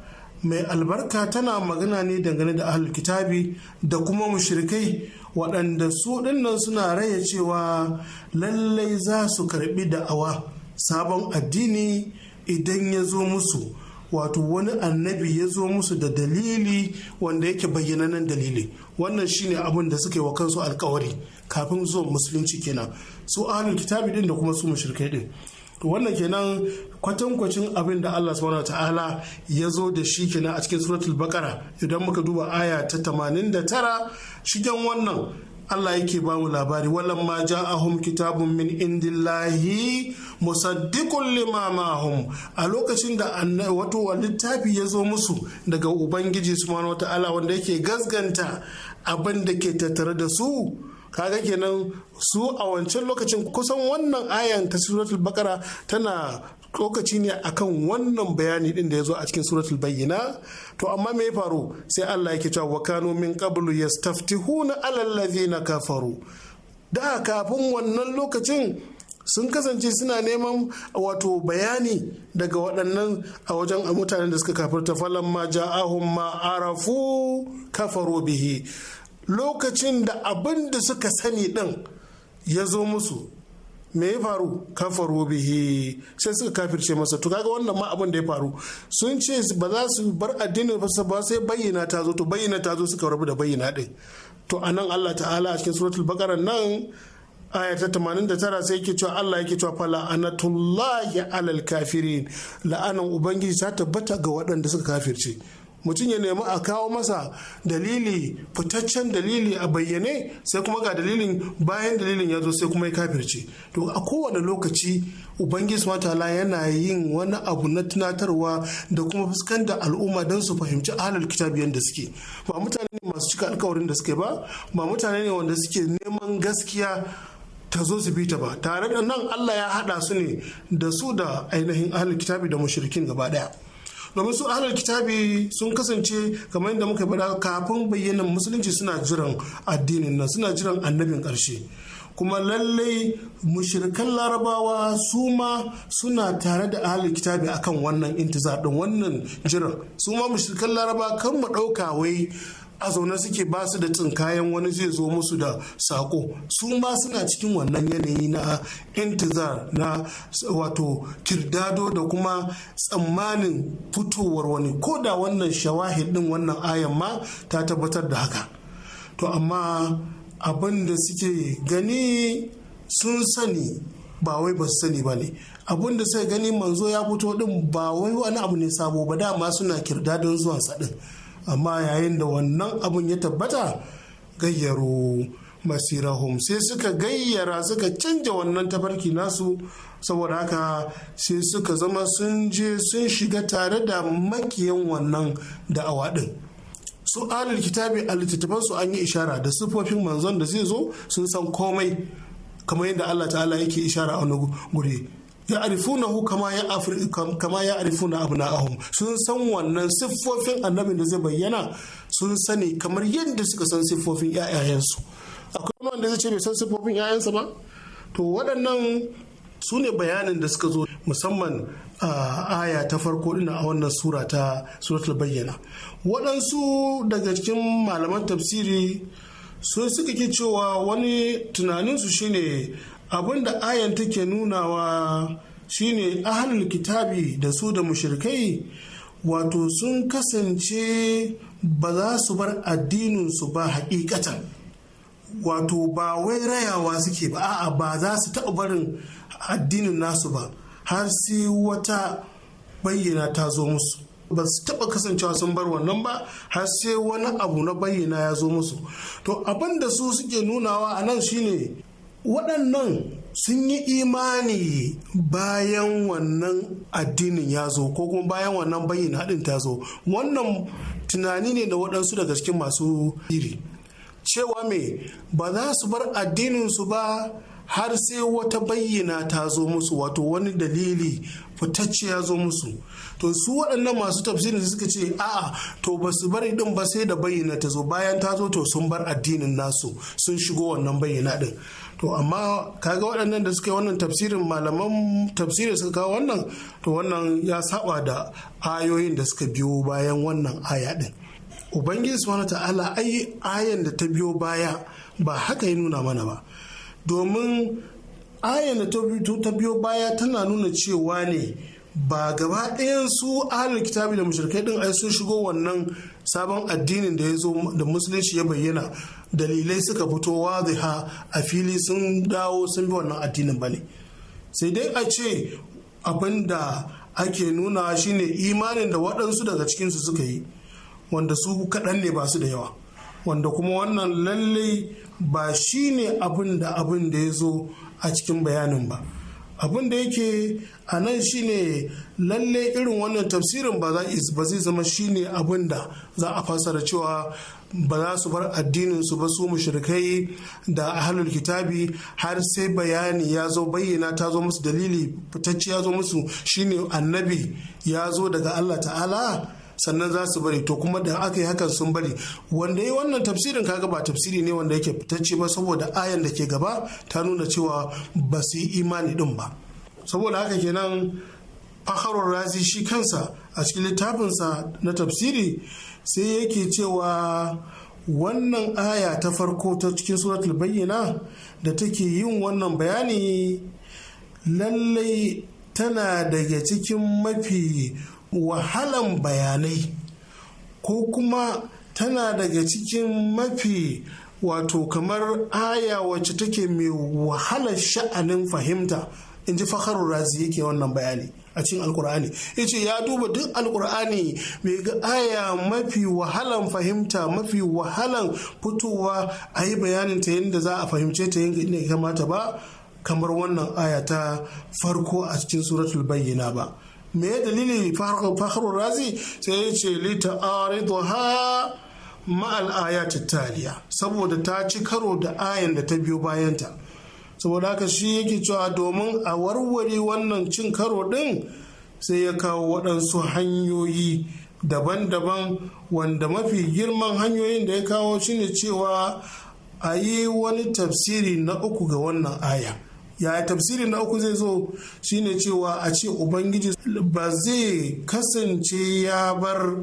mai albarka tana magana ne dangane da ahlul kitabi da kuma mushrikai waɗanda su ɗinnan suna raya cewa lallai za su karɓi da'awa sabon addini idan ya zo musu wato wani annabi ya zo musu da dalili wanda yake bayyananan dalili wannan shine abin da suka yi wa kansu alkawari kafin zo musulunci kenan su ahalin kitabi din da kuma su mushrikai din wannan kenan kwatankwacin abin da Allah subhanahu ta'ala ya zo da shi kenan a cikin suratul bakara idan muka duba aya ta 89 shigen wannan Allah yake ba mu labari walan ma ja'ahum kitabun min indillahi musaddiqun lima ma'ahum a lokacin da wato littafi ya zo musu daga ubangiji subhanahu wata'ala wanda yake gasganta abin da ke tattare da su kaga kenan su a wancan lokacin kusan wannan ayan ta suratul bakara tana lokaci ne akan wannan bayani din da ya zo a cikin suratul bayyana, to amma me ya faru sai Allah yake cewa wa kanu min qablu yastaftihuna alal ladhina kafaru da kafin wannan lokacin sun kasance suna neman wato bayani daga waɗannan a wajen a mutanen da suka kafirta falan ma ja'ahum ma arafu kafaru bihi lokacin da abin da suka sani din ya zo musu me ya faru kafaru bihi sai suka kafirce masa to kaga wannan ma abin da ya faru sun ce ba za su bar addinin ba sai bayyana ta zo to bayyana ta zo suka rabu da bayyana din to a nan Allah ta'ala a cikin suratul baqara nan aya ta 89 sai yake cewa Allah yake cewa fala anatullahi alal kafirin la'anan ubangiji ta tabbata ga waɗanda suka kafirce mutum ya nemi a kawo masa dalili fitaccen dalili a bayyane sai kuma ga dalilin bayan dalilin ya zo sai kuma ya kafirce to a kowane lokaci ubangiji ta'ala yana yin wani abu na tunatarwa da kuma fuskantar al'umma don su fahimci ahlul kitab yadda suke ba mutane ne masu cika alkawarin da suke ba ba mutane ne wanda suke neman gaskiya ta zo su bi ta ba tare da nan Allah ya hada su ne da su da ainihin ahlul kitabi da mushrikin gaba daya domin su ahalar kitabi sun kasance kamar yadda muka bada kafin bayyana musulunci suna jiran addinin nan suna jiran annabin karshe kuma lallai mushirikan larabawa su ma suna tare da ahalar kitabi akan wannan intizar din wannan jiran su ma mushirikan larabawa kan mu ɗauka wai a zaune suke ba su da cin kayan wani zai zo musu da sako su ma suna cikin wannan yanayi na intizar na wato kirdado da kuma tsammanin fitowar wani ko da wannan shawahidin wannan ayan ma ta tabbatar da haka to amma abin da suke gani sun sani ba wai ba su sani ba ne abin da suka gani manzo ya fito din ba wai wani abu ne sabo ba dama suna kirdadon zuwansa din amma yayin da wannan abun ya tabbata gayyaro masirahum sai suka gayyara suka canja wannan tafarki nasu saboda haka sai suka zama sun je sun shiga tare da makiyan wannan da'awa din su alil kitabi a littattafansu an yi ishara da siffofin manzon da zai zo sun san komai kamar yadda allah ta'ala yake ishara a wani guri ya arifunahu kama ya kama ya arifuna ahum sun san wannan siffofin annabin da zai bayyana sun sani kamar yadda suka san siffofin yayayansu akwai wanda zai ce bai san siffofin 'ya'yansa ba to waɗannan su ne bayanin da suka zo musamman a aya ta farko ina a wannan sura ta suratul bayyana waɗansu daga cikin malaman tafsiri sun suka ke cewa wani tunaninsu shine abin da ayan take nunawa shine ahlul kitabi da su da mushrikai wato sun kasance ba za su bar addininsu ba hakikatan wato ba wai rayawa suke ba a'a ba za su taɓa barin addinin nasu ba har sai wata bayyana ta zo musu ba su taɓa kasancewa sun bar wannan ba har sai wani abu na bayyana ya zo musu to abin da su suke nunawa a nan shine waɗannan sun yi imani bayan wannan addinin ya zo ko kuma bayan wannan bayyana haɗin ta zo wannan tunani ne da waɗansu daga cikin masu iri cewa me ba za su bar addininsu ba har sai wata bayyana ta zo musu wato wani dalili fitacce ya zo musu to su waɗannan masu da suka ce a'a to ba su bari din ba sai da bayyana ta zo bayan ta zo to sun bar addinin nasu sun shigo wannan bayyana din to amma kaga waɗannan da suka yi wannan tafsirin malaman tafsirin suka kawo wannan to wannan ya saba da ayoyin da suka biyo bayan wannan aya din ubangiji subhanahu ta'ala ai ayan da ta biyo baya ba haka ya nuna mana ba domin ayan da ta biyo baya tana nuna cewa ne ba gaba ɗayan su ahalin kitabi da mushrikai din ai sun shigo wannan sabon addinin da ya zo da musulunci ya bayyana dalilai suka fito wadiha a fili sun dawo sun bi wannan addinin bane sai dai a ce abin da ake nuna shine imanin da waɗansu daga cikinsu suka yi wanda su kaɗan ne ba su da yawa wanda kuma wannan lallai ba shine abin da abin da ya zo a cikin bayanin ba. abin da yake a nan shine lalle irin wannan tafsirin ba zai zama shine abin da za a fasara cewa ba za su bar addinin su ba su mushrikai da ahlul kitabi har sai bayani ya zo bayyana ta zo musu dalili fitacce ya zo musu shine annabi ya zo daga Allah ta'ala sannan za su bari to kuma da aka yi hakan sun bari wanda yi wannan tafsirin kaga ba tafsiri ne wanda yake fitacce ba saboda ayan da ke gaba ta nuna cewa ba su yi imani din ba saboda haka kenan faharun razi shi kansa a cikin littafinsa na tafsiri sai yake cewa wannan aya ta farko ta cikin suratul bayyana da take yin wannan bayani lallai tana daga cikin mafi wahalan bayanai ko kuma tana daga cikin mafi wato kamar aya wacce take mai wahalar sha'anin fahimta in ji fakharun razi yake wannan bayani a cikin alkur'ani ya ce ya duba duk alkur'ani mai ga aya mafi wahalan fahimta mafi wahalan fitowa a yi bayanin ta yadda za a fahimce ta yadda ya kamata ba kamar wannan aya ta farko a cikin suratul bayyana ba me dalili faru-fahru oh, razi sai ya ce lita ha ma'al ayat taliya saboda ta ci karo da ayan da ta biyo bayanta saboda haka shi yake cewa domin a warware wannan cin karo din sai ya kawo waɗansu hanyoyi daban-daban wanda mafi girman hanyoyin da ya kawo shine cewa a yi wani tafsiri na uku ga wannan aya. yaya tafsirin na uku zai zo shine cewa a ce ubangiji ba zai kasance ya bar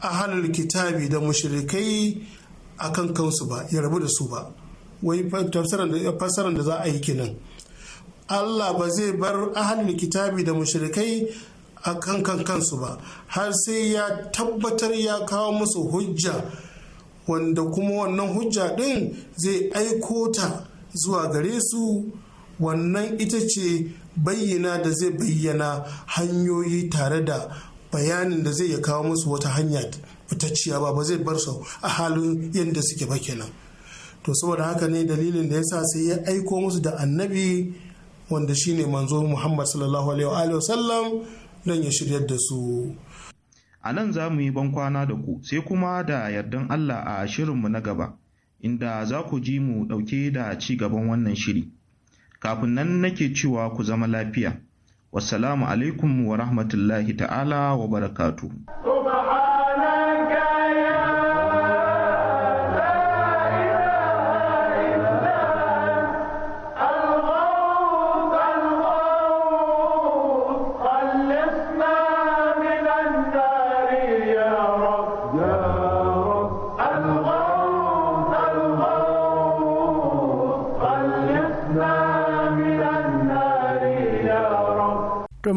ahalul kitabi da mushrikai a kan kansu ba ya rabu da su ba wai fassarar da za a yi kenan allah ba zai bar ahalul kitabi da mushrikai a kan kansu ba har sai ya tabbatar ya kawo musu hujja wanda kuma wannan hujja din zai aiko ta zuwa gare su wannan ita ce bayyana da zai bayyana hanyoyi tare da bayanin da zai ya kawo musu wata hanya fitacciya ba ba zai bar su a halin yadda suke ba kenan to saboda haka ne dalilin da ya sa sai ya aiko musu da annabi wanda shine manzo Muhammad sallallahu alaihi wa sallam don ya shiryar da su a nan za mu yi bankwana da ku sai kuma da yardan Allah a shirinmu na gaba inda za ku ji mu ɗauke da ci gaban wannan shiri kafin nan nake cewa ku zama lafiya wassalamu alaikum wa rahmatullahi ta'ala wa barakatuhu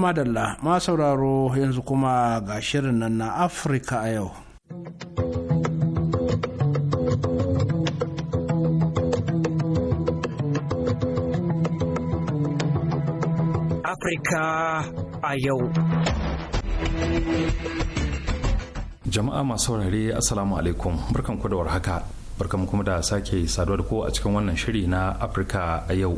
madalla ma sauraro yanzu kuma ga shirin nan na afirka a yau Afirka a yau. Jama'a masu saurare Assalamu alaikum barkanku da warhaka barkan kuma da sake saduwa da ku a cikin wannan shiri na Afirka a yau.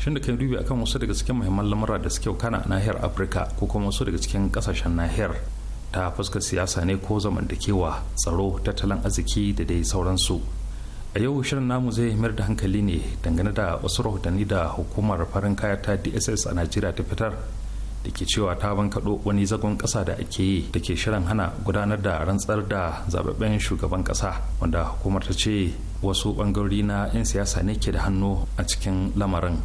shin da kan dubi akan wasu daga cikin muhimman lamura da suke kana nahiyar afirka ko kuma wasu daga cikin kasashen nahiyar ta fuskar siyasa ne ko zamantakewa tsaro tattalin arziki da dai sauransu a yau shirin namu zai mayar da hankali ne dangane da wasu rahotanni da hukumar farin kaya ta dss a najeriya ta fitar da ke cewa ta bankaɗo wani zagon ƙasa da ake yi da ke shirin hana gudanar da rantsar da zababben shugaban ƙasa wanda hukumar ta ce wasu ɓangarori na 'yan siyasa ne ke da hannu a cikin lamarin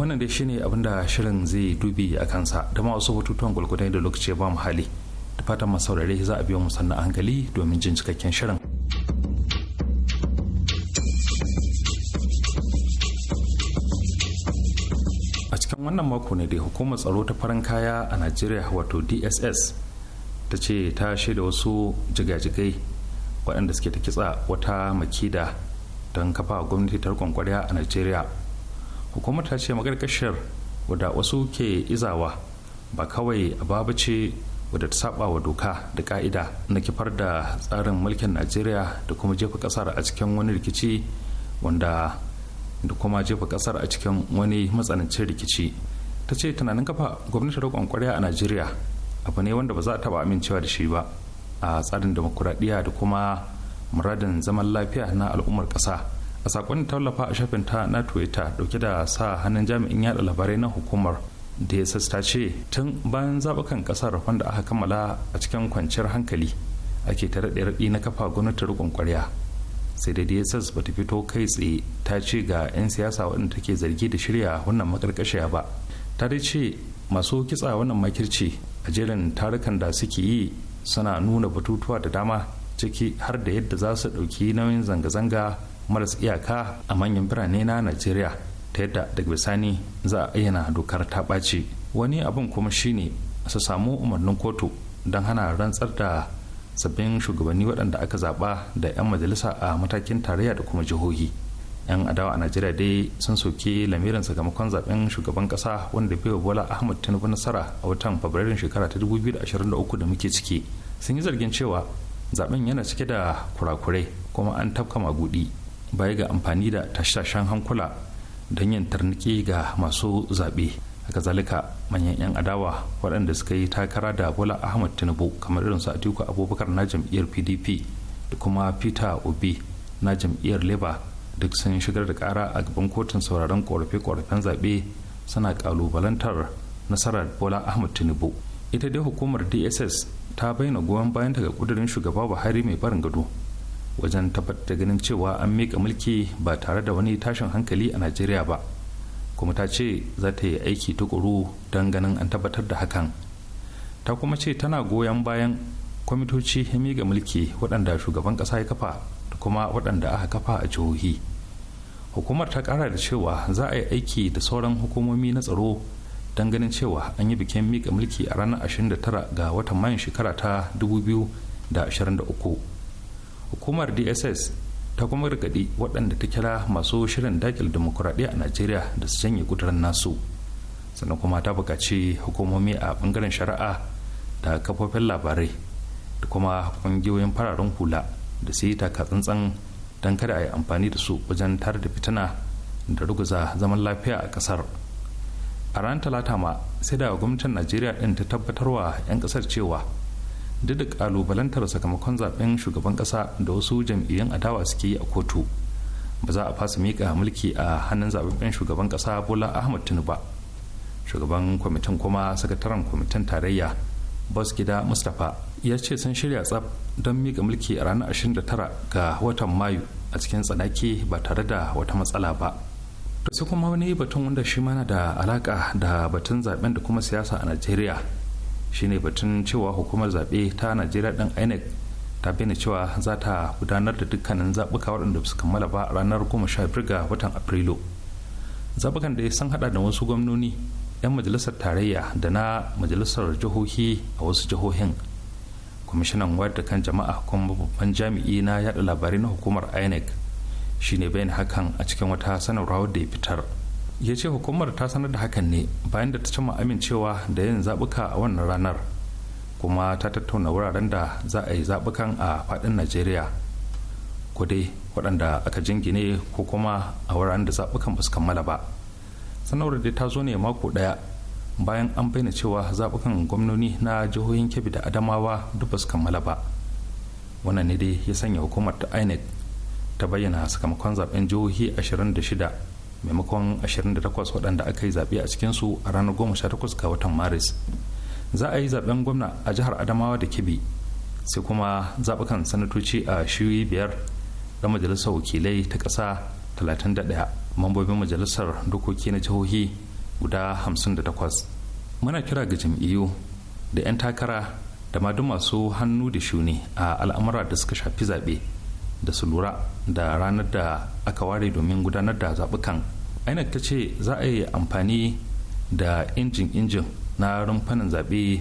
wannan dai shine abin da shirin zai dubi a kansa da ma wasu batutuwan gwalgwadai da lokaci ba mu hali da fatan masu saurare za a biyo mu sannan hankali domin jin cikakken shirin a cikin wannan mako ne dai hukumar tsaro ta farin kaya a najeriya wato dss ta ce ta shaida wasu jigajigai waɗanda suke ta kitsa wata makida don kafa gwamnati tarkon kwarya a najeriya hukumar ta ce magarkashiyar wadda wasu ke izawa ba kawai babu ce wadda ta saba wa doka da ka'ida na kifar da tsarin mulkin najeriya da kuma jefa kasar a cikin wani rikici wanda da kuma jefa kasar a cikin wani matsanancin rikici ta ce tunanin kafa gwamnatin roƙon kwarya a najeriya abu ne wanda ba za a taba amincewa da shi ba a tsarin demokuraɗiyya da kuma muradin zaman lafiya na al'ummar ƙasa a sakon da tallafa a shafin ta na twitter dauke da sa hannun jami'in yada labarai na hukumar dss ta ce tun bayan zabukan kasar wanda aka kammala a cikin kwanciyar hankali ake tare da raɗi na kafa gwamnatin riƙon ƙwarya sai da dss ba ta fito kai tsaye ta ce ga 'yan siyasa waɗanda take zargi da shirya wannan makarkashiya ba ta dai ce masu kitsa wannan makirci a jerin tarukan da suke yi suna nuna batutuwa da dama ciki har da yadda za su ɗauki nauyin zanga-zanga maras iyaka a manyan birane na najeriya ta yadda daga bisani za a ayyana dokar ta ɓaci wani abin kuma shine su samu umarnin kotu don hana rantsar da sabbin shugabanni waɗanda aka zaɓa da 'yan majalisa a matakin tarayya da kuma jihohi 'yan adawa a najeriya dai sun soke lamirin sakamakon zaben shugaban kasa wanda bai bola ahmad tinubu nasara a watan fabrairun shekara ta 2023 da muke ciki sun yi zargin cewa zaben yana cike da kurakurai kuma an tafka magudi baya ga amfani da tashashen hankula don yin tarniki ga masu zaɓe haka zalika manyan 'yan adawa waɗanda suka yi takara da bola ahmad tinubu kamar irin su atiku abubakar na jam'iyyar pdp da kuma peter obi na jam'iyyar labour duk sun shigar da ƙara a gaban kotun sauraron korafe-korafen zaɓe suna ƙalubalantar nasarar bola ahmad tinubu ita dai hukumar dss ta bayyana goyon bayan daga ƙudurin shugaba buhari mai barin gado wajen tabbatar da ganin cewa an miƙa mulki ba tare da wani tashin hankali a najeriya ba kuma ta ce za ta yi aiki tukuru don ganin an tabbatar da hakan ta kuma ce tana goyon bayan kwamitoci ya miƙa mulki waɗanda shugaban ƙasa ya kafa da kuma waɗanda aka kafa a jihohi hukumar ta ƙara da cewa za a yi aiki da sauran hukumomi na tsaro don ganin cewa an yi bikin miƙa mulki a ranar 29 ga watan mayan shekara ta 2023 hukumar dss ta kuma gargaɗi waɗanda ta kira masu shirin daƙil demokuraɗiyya a najeriya da su janye ƙudurin nasu sannan kuma ta buƙaci hukumomi a ɓangaren shari'a da kafofin labarai da kuma ƙungiyoyin fararen hula da su yi taka tsantsan don kada a yi amfani da su wajen tar da fitina da ruguza zaman lafiya a ƙasar a ranar talata ma sai da gwamnatin najeriya ɗin ta tabbatarwa 'yan ƙasar cewa duk kalubalantar sakamakon zaben shugaban kasa da wasu jam'iyyun adawa suke yi a kotu ba za a fasa mika mulki a hannun zababben shugaban kasa bola ahmad tinubu shugaban kwamitin kuma sakataren kwamitin tarayya bas gida mustapha ya ce sun shirya tsab don mika mulki a ranar 29 ga watan mayu a cikin tsanaki ba tare da wata matsala ba to sai kuma wani batun wanda shi mana da alaka da batun zaben da kuma siyasa a najeriya shine batun cewa hukumar zaɓe ta najeriya ɗin inec ta bayyana cewa za ta gudanar da dukkanin zaɓuka waɗanda su kammala ba a ranar goma sha biyar ga watan afrilu zaɓukan da ya san haɗa da wasu gwamnoni 'yan majalisar tarayya da na majalisar jihohi a wasu jihohin kwamishinan wayar da kan jama'a kuma babban jami'i na yaɗa labarai na hukumar inec shine bayan hakan a cikin wata sanarwa da ya fitar ya ce hukumar ta sanar da hakan ne bayan da ta cima amincewa da yin zaɓuka a wannan ranar kuma ta tattauna wuraren da za a yi zaɓukan a faɗin najeriya ko waɗanda aka jingine ko kuma a wuraren da zaɓukan ba su kammala ba sanarwar dai ta zo ne mako ɗaya bayan an bayyana cewa zaɓukan gwamnoni na jihohin kebbi da adamawa duk ba su kammala ba wannan ne dai ya sanya hukumar ta inec ta bayyana sakamakon zaben jihohi 26 maimakon 28 waɗanda aka yi zaɓe a cikinsu a ranar 18 ga watan maris za a yi zaɓen gwamna a jihar adamawa da kibi sai kuma zaɓukan sanatoci a shiyoyi biyar da majalisar wakilai ta ƙasa 31 mambobin majalisar dokoki na jihohi guda 58 muna kira ga jam'iyyu da 'yan takara da ma duk masu hannu da shuni a al'amura da suka shafi zaɓe da su lura da ranar da aka ware domin gudanar da zaɓukan inec ta ce za a yi amfani da injin-injin na rumfanin zaɓe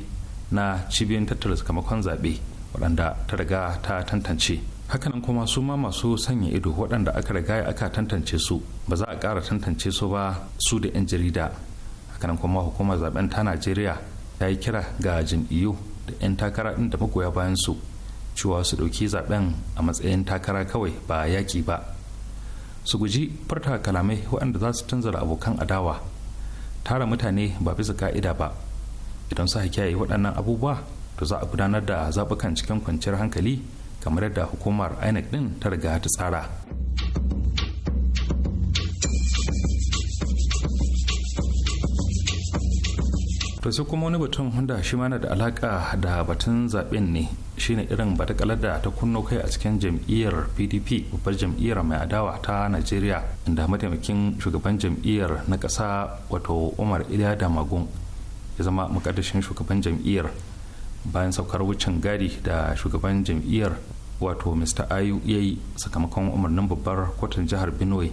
na cibiyar tattara sakamakon zaɓe waɗanda ta riga ta tantance hakanan kuma su ma masu sanya ido waɗanda aka riga aka tantance su ba za a ƙara tantance su ba su da 'yan jarida hakanan kuma hukumar zaben ta najeriya ta yi kira ga jam'iyyu da 'yan takara ɗin da magoya bayan su cewa su ɗauki zaben a matsayin takara kawai ba yaƙi ba su guji furta kalamai waɗanda za su tunzura abokan adawa tara mutane ba bisa ka'ida ba idan su yi waɗannan abubuwa to za a gudanar da zaɓukan cikin kwanciyar hankali kamar yadda hukumar inec ɗin ta riga ta tsara. to sai kuma wani batun hunda shi mana da alaka da batun zaben ne shine irin batakalar da ta kunno kai a cikin jam'iyyar pdp babbar jam'iyyar mai adawa ta najeriya inda mataimakin shugaban jam'iyyar na ƙasa wato umar iliya magun ya zama makadashin shugaban jam'iyyar bayan saukar wucin gadi da shugaban jam'iyyar wato mr ayu ya yi sakamakon umarnin babbar kotun jihar benue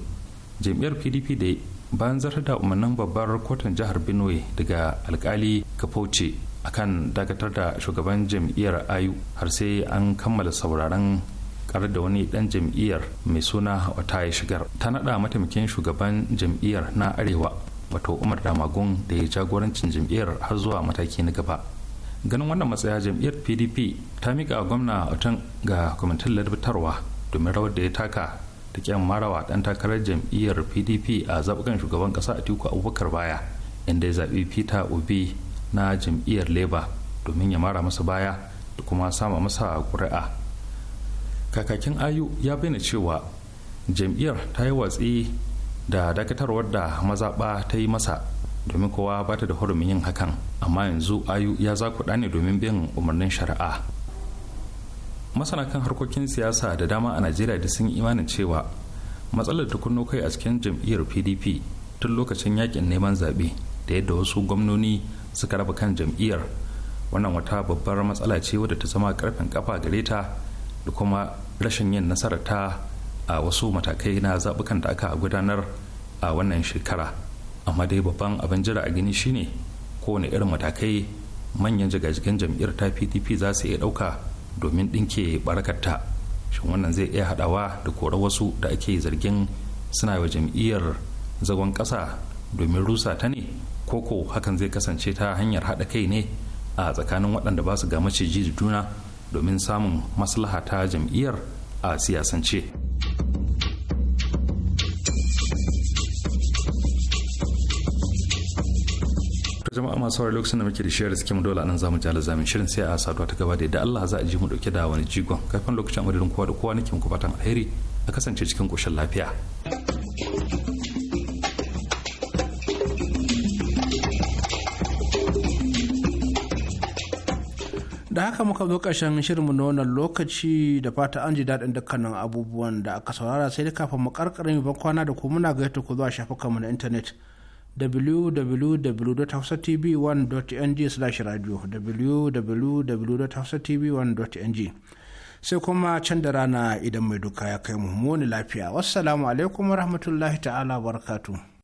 jam'iyyar pdp da bayan zartar da umarnin babbar kotun jihar benue daga alkali kafauce kan dakatar da shugaban jam'iyyar ayu har sai an kammala sauraron kar da wani dan jam'iyyar mai suna wata ya shigar ta nada mataimakin shugaban jam'iyyar na arewa wato umar damagun da ya jagorancin jam'iyyar har zuwa mataki na gaba ganin wannan matsaya jam'iyyar pdp ta mika gwamna otan ga kwamitin ladabtarwa domin rawar da ya taka ta kyan marawa dan takarar jam'iyyar pdp a zaɓukan shugaban ƙasa atiku abubakar baya inda ya zaɓi peter obi na jam'iyyar labour domin ya mara masa baya da kuma sama masa ƙuri'a kakakin ayu ya bayyana cewa jam'iyyar ta yi watsi da dakatarwar da mazaɓa ta yi masa domin kowa ba ta da hurumin yin hakan amma yanzu ayu ya ku ne domin bin umarnin shari'a masana kan harkokin siyasa da dama a najeriya da sun yi imanin cewa matsalar tukunno kai a cikin jam'iyyar pdp tun lokacin yakin neman zaɓe da yadda wasu gwamnoni suka raba kan jam'iyyar wannan wata babbar matsala ce wadda ta zama karfin kafa gare ta da kuma rashin yin nasarar ta a wasu matakai na zaɓukan da aka gudanar a wannan shekara amma dai babban abin jira a gani shine kowane irin matakai manyan jigajigan jam'iyyar ta pdp za su iya ɗauka domin ɗinke barakarta shin wannan zai iya haɗawa da kora wasu da ake zargin suna wa jam'iyyar zagon ƙasa domin rusa ta ne koko hakan zai kasance ta hanyar haɗa kai ne a tsakanin waɗanda ba su ga maciji da juna domin samun maslaha ta jam'iyyar a siyasance. masu wari lokacin da muke da suke mu dole nan zamu ji alazamin shirin sai a saduwa ta gaba da yadda Allah za a ji mu dauke da wani jigon kafin lokacin madadin kowa da kowa nake muku fatan alheri a kasance cikin koshin lafiya. da haka muka zo ƙarshen shirinmu na wannan lokaci da fata an ji daɗin dukkanin abubuwan da aka saurara sai da kafin mu karkarin yi ban kwana da ku muna gaita ku zuwa shafukanmu na intanet www.hausatv1.ng/radio www.hausatv1.ng sai kuma can da rana idan mai duka ya kai mu muni lafiya wassalamu alaikum warahmatullahi ta'ala barakatuh